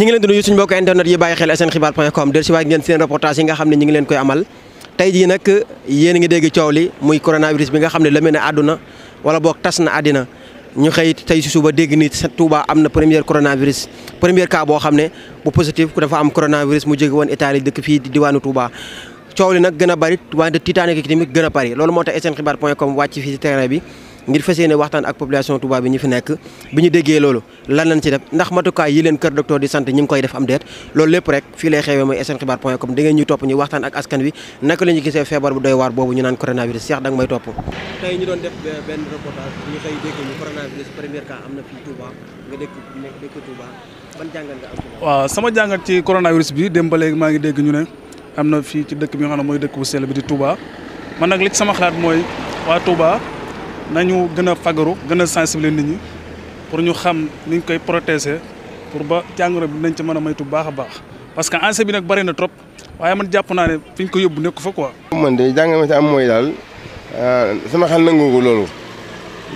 ñu ngi leen di nuyu suñu mbokk internet yi bàyyi xel snxibaar point com del si waay ngeen seen reportage yi nga xam ne ñi ngi leen koy amal tey jii nag yéen a ngi dégg coow li muy coronavirus bi nga xam ne la mel ne àdduna wala boog tas na àddina ñu xëy tey si suba dégg ni Touba am na première coronavirus première cas boo xam ne bu positif ku dafa am coronavirus mu jóge woon Italie dëkk fii diwaanu Touba coow li nag gën a bari wante tiitaane loolu moo tax snxibaar point com wàcc fii si ngir fassiyene waxtan ak population Touba bi ñi fi nek bi ñu déggee loolu lan lañ ci def ndax matukaay yi leen kër docteur di sante ñu ngi koy def am deet lolu lepp rek fi lay xewé moy snxibar.com da ngeen ñuy top ñu waxtan ak askan wi nak lañu gisé fièvre bu doy war bobu ñu naan coronavirus Cheikh da may top tay ñu doon def ben reportage ñi xey dégg ñu coronavirus premier cas amna fi Touba nga dégg dégg Touba ban jangal nga am wa sama jangal ci coronavirus bi dem ba léegi ma ngi dégg ñu né amna fi ci dëkk bi nga xam ne mooy dëkk bu sel bi di Touba man nak li ci sama xalaat moy wa Touba nañu gën a fagaru gën a sensibiliser nit ñi pour ñu xam ni koy protéger pour ba jàngoro bi dinañ ci mën a moytu baax a baax parce que enjeu bi nag bëri na trop waaye man jàpp naa ne fi ñu yóbbu nekk fa quoi. man de jàngoro ma ci am mooy daal euh, sama xel nangu ko loolu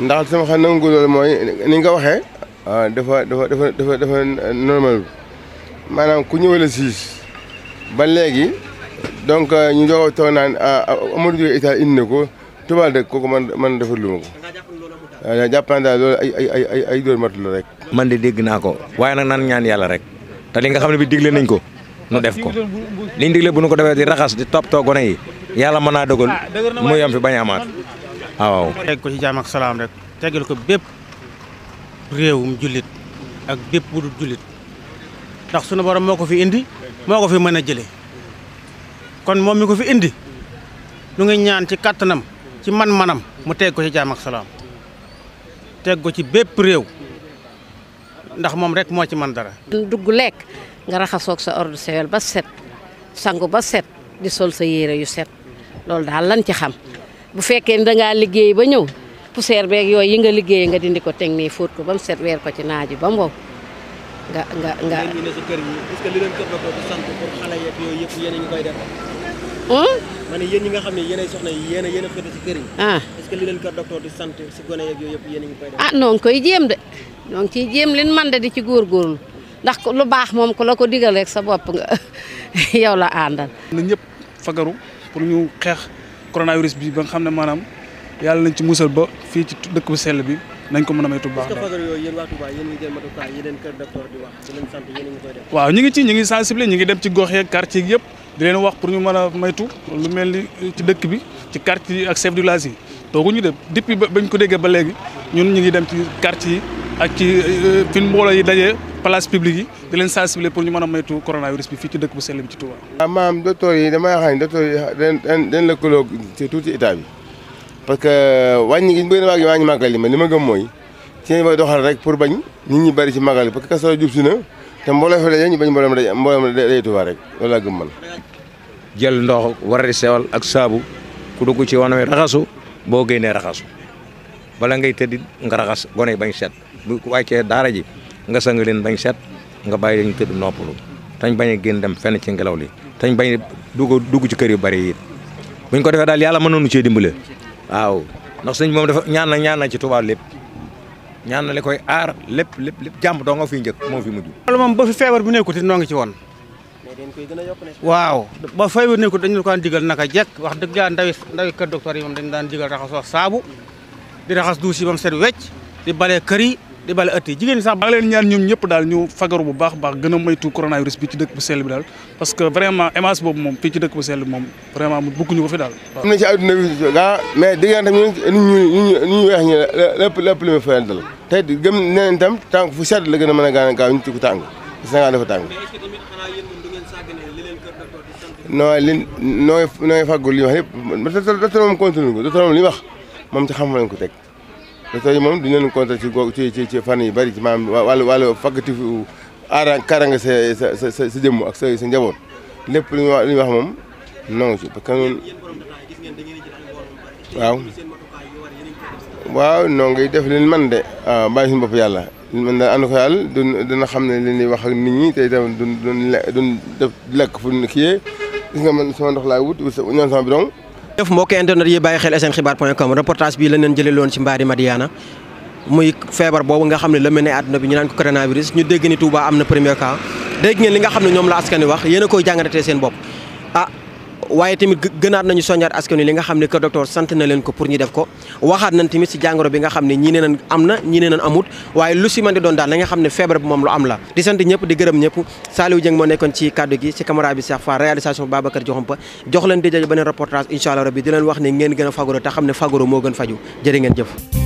ndax sama xel nangu ko loolu mooy ni nga ko euh, dafa dafa dafa dafa normal maanaam ku ñëwale siis ba léegi donc euh, ñu jox toog naan Amadou Diop itaal indi ko. tubaal dëgg koku man man defal luma ko jàpp naa daal loolu ay ay ay ay ay dóor matul rek man de deg naa ko waaye nag naan ñaan yalla rek ta li nga xamne bi digle nañ ko nu def ko li digle bu nu ko defee di raxas di top to gone yi yalla mën naa dogal mu yam fi baña a waaw rek ko ci jam ak salam rek tegal ko bépp rewum julit ak bépp budul julit tax suñu borom moko fi indi moko fi mën a kon moom mi ko fi indi nu ngi ñaan ci katanam ci man-manam mu teg ko ci jaam ak teg ko ci bépp réew ndax moom rek moo ci man dara. dugg lekk nga raxasoog sa ordre sewel ba set sangu ba set di sol sa yére yu set loolu daal lan ci xam bu fekkee ne dangaa liggéey ba ñëw poussière beeg yooyu yi nga liggéeyee nga dindi ko teg nii fóot ko ba mu set weer ko ci naaj yi ba mu wow nga nga nga. li leen sant pour xale yooyu yëpp yéen koy def. Hmm? Mani yeen ñi nga xamné yeen ay soxna yeen yeen ah est ce que li leen kër yep ah non koy jëm non ci jëm leen di ci gor gorul mom ko la ko digal rek sa bop nga fagaru coronavirus bi ba nga xamné manam yalla nañ ci musal ba fi ci dëkk bu sel bi nañ ko mëna may tubba ko fagal yoy yeen wa tubba yeen ngi jël yeen docteur di wax sante yeen ngi koy def ñi ngi ci ñi ngi ñi ngi dem ci gox yeek quartier di leen wax pour ñu mën a maytu lu mel ni ci dëkk bi ci quartier yi ak chef de village yi tooguñu de ba bañ ko déggee ba léegi ñun ñu ngi dem ci quartier yi ak ci euh, fi mbooloo yi dajee place publique yi di leen sensibiliser pour ñu mën a maytu coronavirus bi fii ci dëkk bu sell bi ci Touba. waaw ah, maam docteur yi damay xam ne docteur yi dañ dañ dañ tuuti état bi parce que euh, wàññi gi ñu bëri waa màggal li ma ni ma gëm mooy ci lañ doxal rek pour bañ ñu ñi bëri ci màggal parce que te mbooloo fa daje ñu bañ mbooloo daje mbooloo daje Tuubaa rek loolu laa gëm man. jël ndox war di sewal ak saabu ku dugg ci wanam raxasu boo génnee raxasu bala ngay tëddi nga raxas gone bañ set bu wàccee daara ji nga sang leen bañ set nga bàyyi leen ñu tëdd noppalu tañ bañ a génn dem fenn ci ngelaw li tañ bañ dugg ci kër yu bari yi buñ ko defee daal yàlla mënoonu cee dimbale waaw ndax sëñ moom dafa ñaan na ñaan na ci Tuubaa lépp. ñaan ñaanale koy aar lépp lépp lépp jàmm doo nga fiy njëkk moo fi mujj. loolu moom ba fi feebar bu nekkut it noo ngi ci woon. waaw ba feebar nekkut dañu ko daan digal naka jekk wax dëgg yàlla ndawi ndawi kër docteur yi moom dañu daan digal raxasoo saabu di raxas duus yi ba mu set wecc di balee kër yi di balé ëtt jigéen sax ba ngalen ñaan ñoom ñëpp daal ñu fagaru bu baax baax gën a moytu coronavirus bi ci dëkk bu sel bi daal parce que vraiment émas bobu mom fi ci dëkk bu sell bi moom vraiment bukkuñu ko fi daal am na ci àdduna bi ga ah, mais di diggante ñu ñu ñu wéx ñi lepp lépp li fa fayal tay di gëm neen tam tank fu sét la gëna mëna mën a gaan gaaw ñu tukku tàng Sénégal dafa tàng no li no no fagul li wax yëpp docteur mom continue ko docteur mom li wax mom ci xam lañ ko tek te tey moom duñu leen compter ci go ci ci ci fan yi bari ci maanaam wàllu wàllu faggatifu aara kaaraange sa sa sa sa jëmm ak sa njaboot lépp lu ñuy wax moom nangu ci parce que noonu waaw waaw noo ngi def leen man de waaw bàyyi yàlla man daal ànd ko yàlla du xam ne li ñuy wax ak nit ñi tey tamit duñ duñ lekk fu ñu kiyee gis nga man sama ndox laay wut wut sama ñoom sama bidon jëf mbokki internet yi bàyyi xel snxibaar point com reportage bi la leen jëlee ci mbaari Madiyana muy feebar boobu nga xam ne la mel ne àdduna bi ñu naan ko coronavirus ñu dégg ni Touba am na premier cas dégg nga xam ne ñoom la askan wi wax yéen a koy jàngatee seen bopp ah, waaye tamit gënaat nañu soññaat askan wi li nga xam ne que docteur sant na leen ko pour ñu def ko waxaat nañ tamit si jàngoro bi nga xam ne ñii nee nañ na ñii nee nañ amut waaye lu si mën doon daal na nga xam ne feebar bi moom lu am la di sant ñëpp di gërëm ñëpp Saliou Dieng moo nekkoon ci kaddu gi si caméra bi Cheikh Fall réalisation Babacar Diakhoumpa jox leen déjaj beneen reportage incha allah rabbi di leen wax ne ngeen gën a fagaru te xam ne fagaru moo gën faju jërë